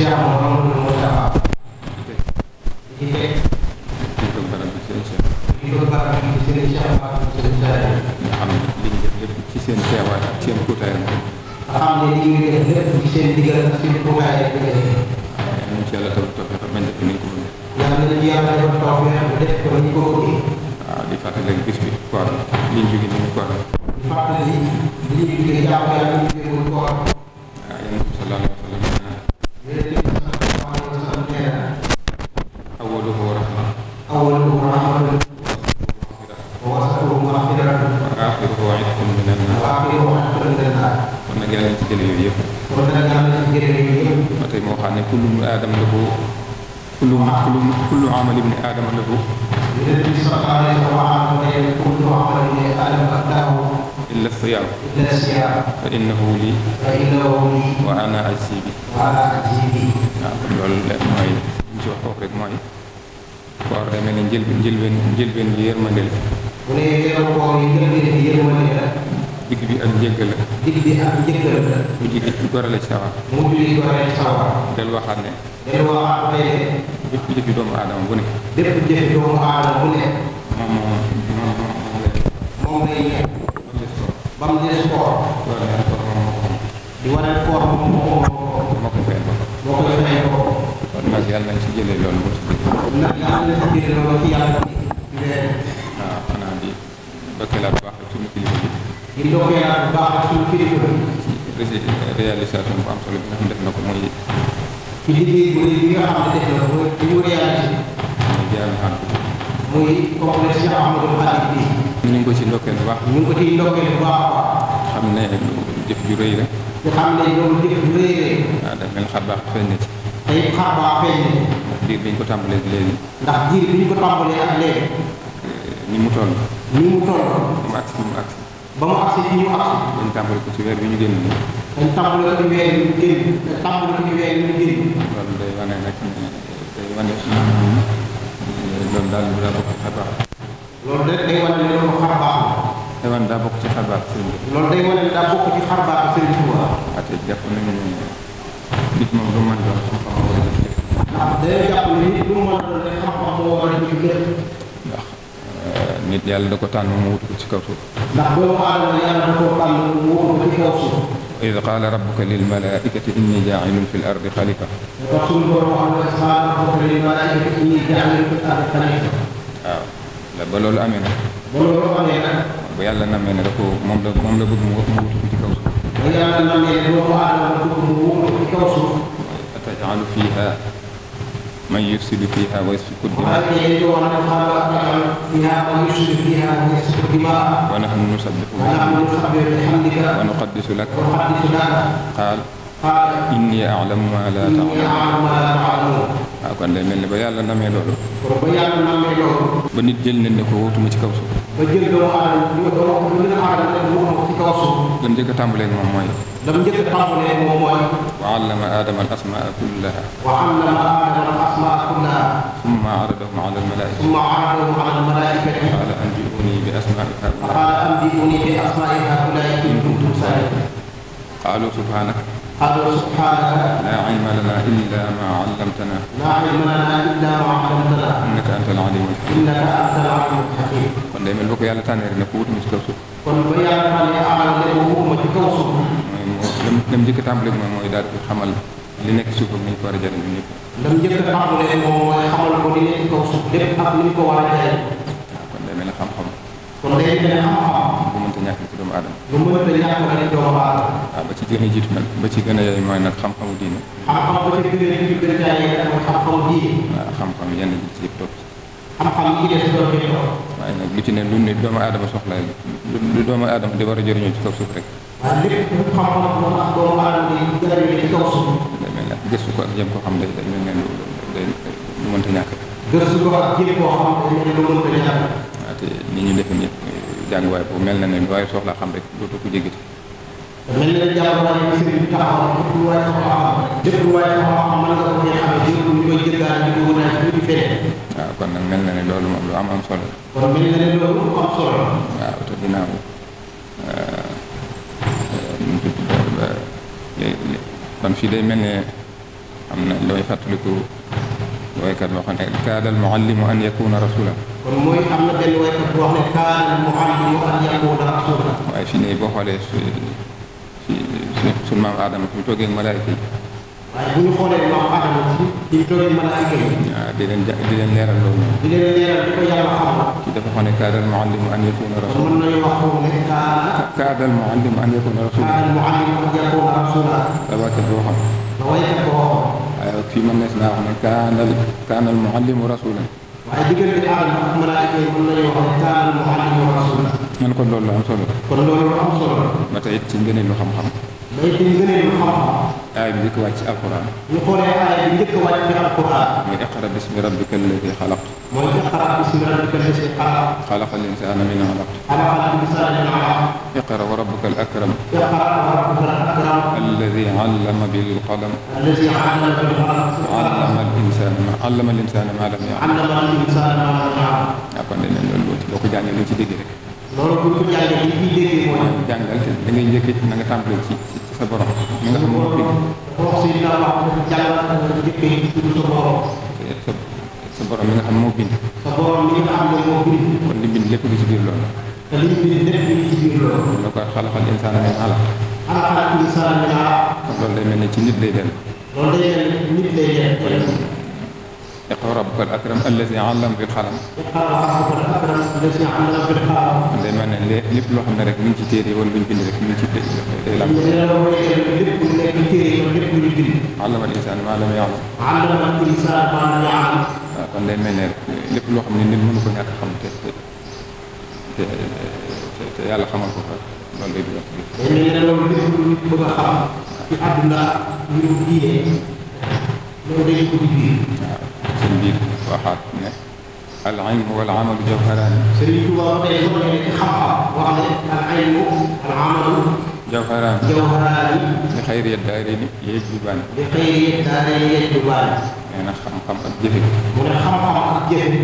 Cheikh Mouhamadou Moustapha di teg di ko baral ci seen Cheikh di ko baral ci seen Cheikh Mouhamadou seen Cheikh nga xam ne li ñu def lépp ci seen teewaay ak seen kuutaay nga xam ne li ñu def lépp ci seen digal ak seen kuutaay ak digal ñu ci yàlla taw taw fa bañ def ni ko woon yàlla na yàlla def taw fa def ko ni ko woon waaw di fàttali rek bis bi koor liñ jóge ni ñu koor di fàttali liñ jóge jàpp yàlla ñu jóge koor كل عمل ابن آدم له الذي سبق عليه وعاد كل عمل ابن آدم له إلا الصيام إلا الصيام فإنه لي فإنه لي وأنا أجزي به وأنا أجزي به نعم ادعو لله ما ينجو حوقك ما ينجو وأرى من جلب جلب جلب يرمى جلب وليه جلب وليه جلب يرمى جلب digg bi ak njëggal la bi ak njëggal mu di ci gorale sawar mu di gorale sawa del waxane del waxane ne bépp jëfi doomu adam bu ne bépp jëfi doomu adam bu ne mom mom moom lay ñeex di waral koor moom ko moo ko fayal boppam fay ko kon ci ci ci ci di di baax ci di ndokkee naa bu baax ak suñu kilifa réalisation bu am solo bi nga xam def na ko mooy. ci liggéey bu rëy bi nga xam ne def na ko bi mu réalisé. muy jaay ma muy complexe Cheikh Ahmadou Khadim bi. ñu ngi ko ci ndokkee bu baax. ñu ngi ko ci ndokkee bu baax a baax. xam ne jëf ju rëy la. te xam ne loolu jëf ju rëy la. waaw daf mel xar baax feeñ na ci. te it xar baax feeñ na ci. ndax diir bi ñu ko tàmbalee léegi. ndax diir bi ñu ko tàmbalee ak léegi. Eh, ni mu toll. ni mu toll. mu agsi mu agsi. ba mu agsi fii ci weer bi ñu génn. dañ tàmbali ko ci weer bi ñu génn. dañ tàmbali ko ci weer nit moom lu euh, yàlla da ko tànn mu wut ko ci kaw suuf. إذ قال ربك للملائكة إني جاعل في الأرض خليفة للملائكة إني جاعل في الأرض خليفة آه. لا الأمين بلول الأمين بلول الأمين بيالنا من ركو مملكو مملكو مملكو مملكو مملكو مملكو مملكو مملكو مملكو مملكو مملكو مملكو من يفسد فيها ويسفك الدماء ونحن نسبح بحمدك ونقدس لك قال إني أعلم ما لا تعلمون أكون لي من بيا لنا مي لولو بيا لنا مي لولو بني جيل نين كو تو مي كاوسو بجيل دو عالم يو دو مي نا عالم مو مو تي كاوسو لم جيك تامبلي مو موي لم جيك تامبلي مو موي وعلم ادم الاسماء كلها وعلم ادم الاسماء كلها ثم عرضهم على الملائكه ثم عرضهم على الملائكه قال انبئوني باسماء هؤلاء قال انبئوني باسماء هؤلاء قالوا سبحانك قال سبحانه لا علم لنا الا ما علمتنا لا علم لنا الا ما علمتنا انك انت العليم الحكيم انك انت العليم الحكيم قال دائما لو قيالة ثانية نقول مش توصف قال قيالة ثانية اعلى لبهور مش توصف لم جيك تعمل من ما يدار في حمل لنك سوف من يكوار جالي من يكوار لم جيك تعمل لك ما يحمل لك لنك توصف من يكوار جالي قال دائما لك حمل قال دائما لك حمل a nekk doomu ah, nag ba ci gën a yooyu mooy nag xam-xamu diine. xam-xam ba ci ah, ci yëpp lu ci ne doomu aadama soxla lu doomu aadama di war a jëriñoo ci kaw suuf rek. waaw lu xam-xam moo tax doomu kaw suuf. ko ak jëm koo xam ko ak jëm koo xam ne lu mënta ñàkk. waaw ah, te ni ñu def ñëpp jàng waaye bu mel na ne waaye soxla xam rek dootu ko jéggati mel na jàng waaye bu sëriñ taxaw lépp lu waaye soxla xam lépp lu waaye soxla xam mën nga ko cee xam jël ko ñu koy jëggaan ñu ko wënaat ñu di feneen waaw kon nag mel na ne loolu moom lu am am solo kon mel na ne loolu am solo waaw te ginnaaw euh, euh, kon fii day mel ne am na looy fàttaliku waykat boo xam ne kaadal muallimu an yakuna rasulan kon mooy am na benn waykat boo xam ne kaana muallimu an yakuna rasula waaye fi ne boo xoolee su si suñu maam aadama fi mu toogee ak malaayka yi waaye bu ñu xoolee maam aadama si di mu toogee malaayka yi waaw di leen di leen leeral loolu di leen leeral di ko yàlla xam ki dafa xam ne kaadal muallimu an yakuna rasula mën nañu wax foofu ne kaana kaadal muallimu an yakuna rasula kaadal muallimu an yakuna rasula la waykat boo xam la waykat boo xam waaye fii mën nees naa wax ne kaanal kaanal muallimu rasulan waaye diggante aadama ak malaayika yi mën nañoo xam taal Muhammad wa rasulullah man kon loolu la am solo. kon loolu lu am solo. ba tey it ci ngëneelu xam-xam. ba it ci ngëneelu xam-xam. آية بدك وات القرآن يقول آية بدك وات القرآن من اقرأ باسم ربك الذي خلق من اقرأ باسم ربك الذي خلق خلق الإنسان من علق خلق الإنسان من علق اقرأ وربك الأكرم اقرأ وربك الأكرم الذي علم بالقلم الذي علم بالقلم علم الإنسان ما علم الإنسان ما لم يعلم علم الإنسان ما لم يعلم أكون من الملوك لو كنت أنا لوتي دقيقة لو كنت أنا لوتي دقيقة جانجل تنجي جكت نعتمد في سبورة نعتمد Seydina Muhammad yàlla na ko njëkkee tudd sa borom. sa borom mi nga xam moo bind. sa borom mi nga xam ne moo bind. kon li bind lépp ngi ci biir loolu. te li bind lépp ngi ci biir loolu. kon laqad xalaqal insaana min alaq. xalaqal insaana min alaq. kon loolu day mel ne ci nit lay dellu. loolu day mel ne nit lay dellu. iqra rabbukal akram allazi allama bil qalam. iqra rabbukal akram allazi allama bil qalam. day mel ne lépp loo xam ne rek mi ngi ci téere wala lu ñu bind rek mi ngi ci téere. day làmb. lépp lu nekk téere julli allama al insaana maa lam ya'lam allama al insaana maa lam ya'lam waaw kon day mel ne lépp loo xam ne nit mënu ko ñàkk xam te te te yàlla xamal ko fa loolu lay dugal ci biir. dañ ne loolu lépp lu nit bëgg a xam ci àdduna ñu diine loolu day ko ci biir. waaw seen biir waxaat ne al ilmu wal amalu jawharaani. Sëriñ Tuubaa wax ne xam-xam wax ne al ilmu al amalu jawharaan jawharaan li xayriyat daarayni yajlubaan li xayriyat daarayni yajlubaan nee na xam-xam ak jëfe mu ne xam-xam ak jëfe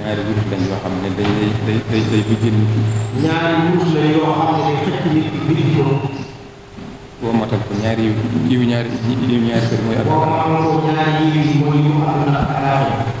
ñaari wut lañ yoo xam ne day day day day bijj nit ki ñaari wut la yoo xam ne day xëcc nit ki biir ko boo matal ko ñaari yiw yiw ñaari yiw ñaari kër mooy ak boo matal ko ñaari yiw mooy yu am na ak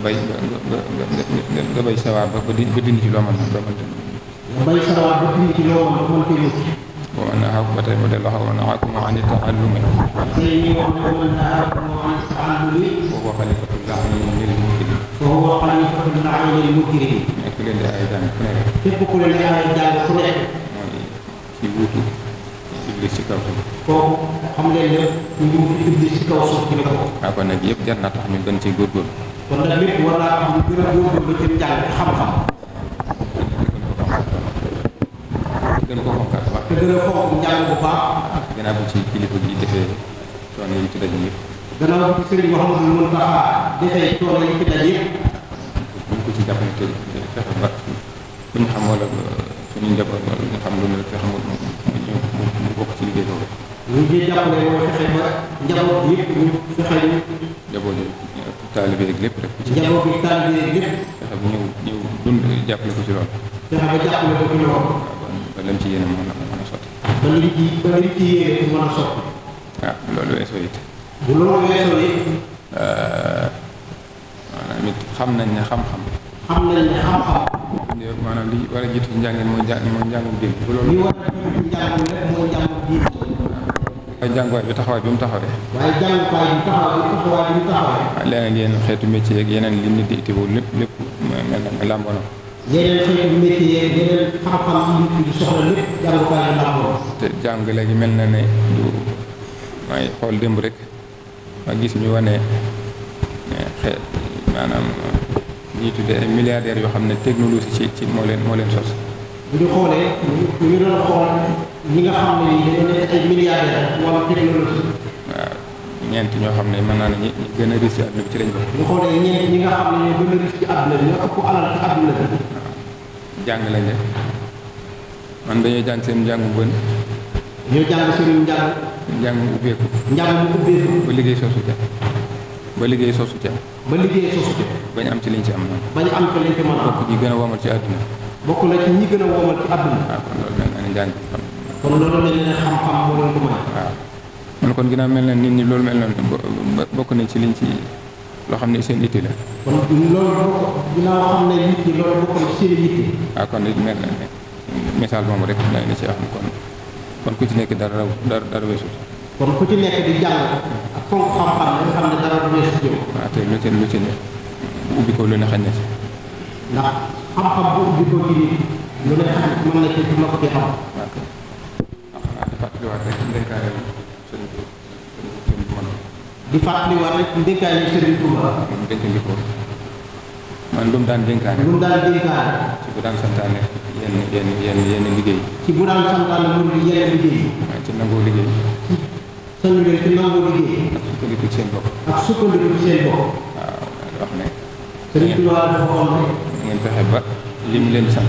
bay ba ba ba nga bay sawaar ba ba dindi ci loo mën ba mënta. nga bay sawaar ba dindi ci loo mën ba mënta yëg. waaw man ah ba tey ba delloo xaw ma ne ah ku ma andi taxaw lu muy. tey ñu wax ne man ah ku ma andi taxaw lu muy. boo ko xalee fatul ndax ñu ngi leen mukki di. boo ko xalee fatul ndax ñu ngi leen mukki di. nekk leen di ay jàng ku nekk. képp ku leen di ay jàng ku nekk. mooy ci wuutu iblis ci kaw suuf. kooku xam leen ne ñu ngi iblis ci kaw suuf ci la ko. waaw kon nag yëpp jar na tax ñu gën ci góorgóorlu. kon nag lépp war naa lu gën a góorgóorlu ci njàng xam-xam. gën ko fonkaat bu baax. te gën a fonk njàng bu baax. gannaaw bu ci kilifa gi defee coono yi ci daj yépp gannaaw bu ci sëriñ wax nga mën yi ko ci jàppale te xam wala euh, suñu njaboot wala ñu xam mu mu ci liggéey njaboot yëpp taalibe yeeg lépp rek. njaboot bi taalibe yeeg lépp. fexe bu ñëw ñëw dund jàppale ko ci loolu. fexe ba jàppale ko ci loolu. ba lam ci yéene mën a mën a sotti. ba li ci ba li ci yéene mën a sotti. waaw ah, bu loolu weesoo it. bu loolu weesoo it. Ah, maanaam it xam nañ ne xam-xam. xam nañ ne xam-xam. maanaam li war a jiitu njàngin mooy njàng mooy njàngu diin. bu loolu li war a jiitu njàngin rek mooy njàngu diin. waaye jànguwaay bi taxawaay bi mu taxawee. waaye jànguwaay bi mu taxawee. Ah leneen yéen xeetu métier yeeg yeneen li nit di itteewoo lépp lépp mel na yeneen xeetu métier yeeg yeneen xam-xam yi soxla lépp jànguwaay bi mel na ne du démb rek gis ñu wane eh, xeet maanaam ñuy yoo xam ne technologie ci ci moo leen sos. bu ñu xoolee ñu doon xool. ñi nga xam ne dañoo nekk ay milliardaires wala technologie. waaw ñeent ñoo xam ne mën naa ne ñi gën a riche ci àdduna bi ci lañ bokk. ñu xoolee ñeent ñi nga xam ne ñoo gën a riche ci àdduna bi ñoo ëpp alal ci àdduna bi. waaw jàng lañ def man dañoo jàng seen njàng bu bën. ñoo jàng seen njàng. njàng mu ubbeeku. njàng mu ubbeeku. ba liggéey soosu ca. ba liggéey soosu ca. ba liggéey soosu ca. ba ñu am ci liñ ci am noonu. ba ñu am ci liñ ci mën a am. bokk ñi gën a womal ci àdduna. bokk na ci ñi gën a womal ci àdduna. waaw kon loolu benn njàng kon loolu mel na xam-xam moo may. waaw man kon ginnaaw mel na nit ñi loolu mel na bokk na ci liñ ci loo xam ne seen itti la. kon loolu mel ne misaal moomu rek doy na ci wax kon ku ci nekk dara weesu. kon ku ci nekk di jàng ak fonk xam-xam nga xam ne dara weesu jëm. waaw te lu ci lu ci ne ubbi ko lu ne xañ na ci. ndax xam-xam bu ubbi ko ci nit lu ne xam mën na ci mën ko ci xam. fàttaliwaat rek ndénkaane sëriñ di fàttaliwaat rek ndénkaane sëriñ Tuuba man lu mu daan dénkaane lu mu ci bu daan santaane yenn yenn yenn yenn liggéey ci bu daan santaane mu yenn liggéey ci nangoo liggéey sëñ bi ci nangoo liggéey ak sukkandiku ci seen bopp ak ci wax ne dafa ngeen leen sant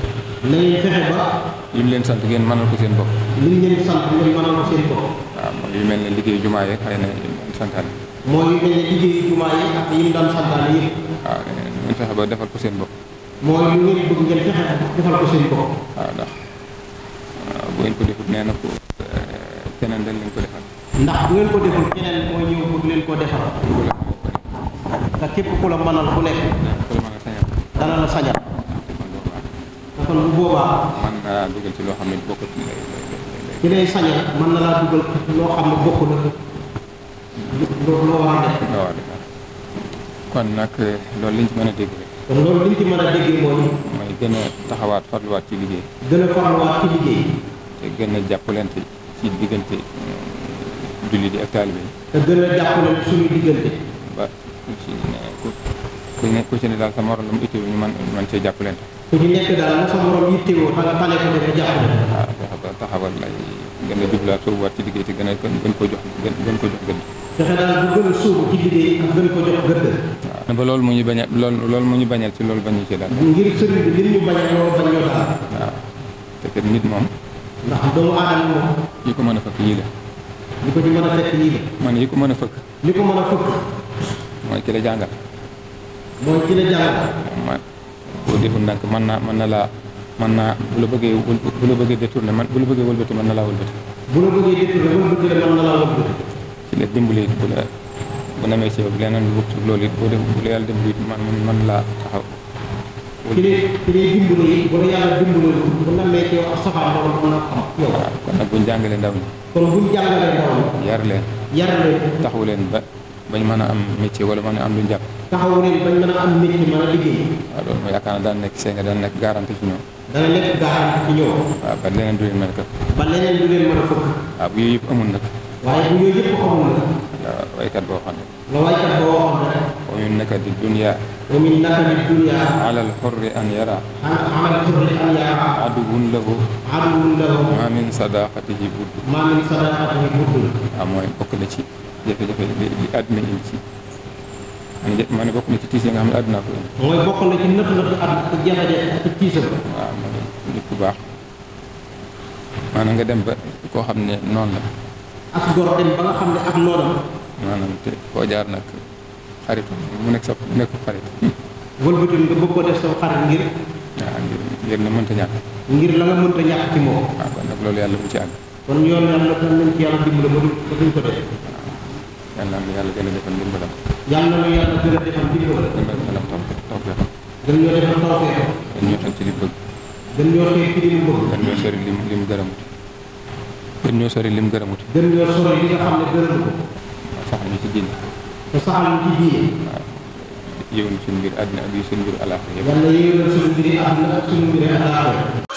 li mu leen sant ngeen mënal ko seen bopp. li mu leen sant ngeen mënal ko seen bopp. waaw mooy yu mel ne liggéey jumaa yi xëy na yu daan santaane. mooy yu mel ne liggéey jumaa yi ak yi mu daan santaane yëpp. waaw ngeen fexe ba defal ko seen bopp. mooy lu ngeen bëgg ngeen fexe defal ko seen bopp. waaw ndax bu ngeen ko defut nee na ko eh, keneen dañ leen ko defal. ndax bu ngeen ko deful keneen mooy ñëw bëgg leen ko defal. te képp ku la mënal ku nekk. dana la sañal. kon bu boobaa. mën na laa ci loo xam ne bokkut ci lay sañ a mën na laa dugal loo xam ne bokkul loo loo war a loo war a def kon nag euh, loolu liñ ci mën a dégg rek. kon loolu liñ ci mën a dégg mooy. mooy gën a taxawaat farluwaat ci liggéey. gën a farluwaat ci liggéey. te gën a jàppalante ci euh, yi te gën a jàppalante suñu diggante. ba ku ci ne ku ci ne daal sa morom la mu itteel ñu mën mën cee jàppalante. ku ci nekk daal la sa morom yittewoo xanaa ko def jàppale waaw taxawal ay gën a jublaat sóobuwaat ci liggéey te gën a gën ko jox gën gën ko jox daal bu gën a sóobu ci liggéey ak gën ko jox gëdd. waaw ba loolu mu ñu bañal loolu mu ñu bañal ci loolu bañu ci daal. ngir sëriñ bi lim ñu bañal loolu bañ ñoo daal. waaw te kat nit moom. ndax doomu aadama moom. yi ko mën a fëkk yii la. li ko ci mën a fekk yii la. fëkk. li ko mën mooy ki la jàngal. mooy ki la jàngal. deful ndànk mën mën na bu la bu man bu la bëggee wëlbati na laa wëlbati bu la bëggee détourné wëlbati la na laa wëlbati ci la dimbali bu la yàlla dimbali it man mën laa taxaw ci lay ci bu la yàlla dimbali bu namee na xam yow kon nag buñ jàngalee ndaw ñi kon buñ jàngalee ndaw ñi yar leen yar leen leen bañ mën a am métier wala mën a am lu njàpp taxawu leen bañ mën a am métier mën a liggéey waaw loolu ma yaakaar na daan nekk see nga daan nekk garanti ci ñoom dana nekk garanti ci ñoom waaw ba leneen du leen mën a këpp ba leneen du leen mën a fëkk waaw bu yooyu yëpp amul nag waaye bu yooyu yëpp amul nag la waykat boo xam ne la waykat boo xam ne wa min naka di dunia wa min naka di dunia ala al xurri an yara ala al xurri an yara aduwun lahu aduwun lahu ma min sadaqatihi budd ma min sadaqatihi budd waaw mooy bokk na ci jafe-jafe yi àdduna yi ci man de ma ne ci tiis nga xam ne ko yëngu. mooy na ci nëpp nëpp ak ak jafe-jafe ak tiisam. waaw ma nit ku baax maanaam nga dem ba koo xam ne la. ak gor dem ba nga ak jaar xarit mu sa xarit. nga def sa xarit ngir. ngir ngir na mënta ñàkk. ngir la nga mënta ñàkk ci moom. waaw kon nag loolu ci kon na ci ko def. yàlla na yàlla gën a defal ndimbalam. yàlla na yàlla gën a defal ndimbalam. gën a defal taw taw feexam. gën ñoo defal taw feexam. gën ñoo teg ci li bëgg. gën ñoo teg ci li mu bëgg. gën ñoo sori lim lim gërëmut. gën ñoo sori lim gërëmut. gën ñoo sori li nga xam ne gërëmu ko. waaw sax ñu ci diine. te sax ñu ci diine. waaw yéwén suñu mbir àddina ak suñu mbir alaaxira. yàlla yéwén suñu mbir àddina ak suñu mbir alaaxira.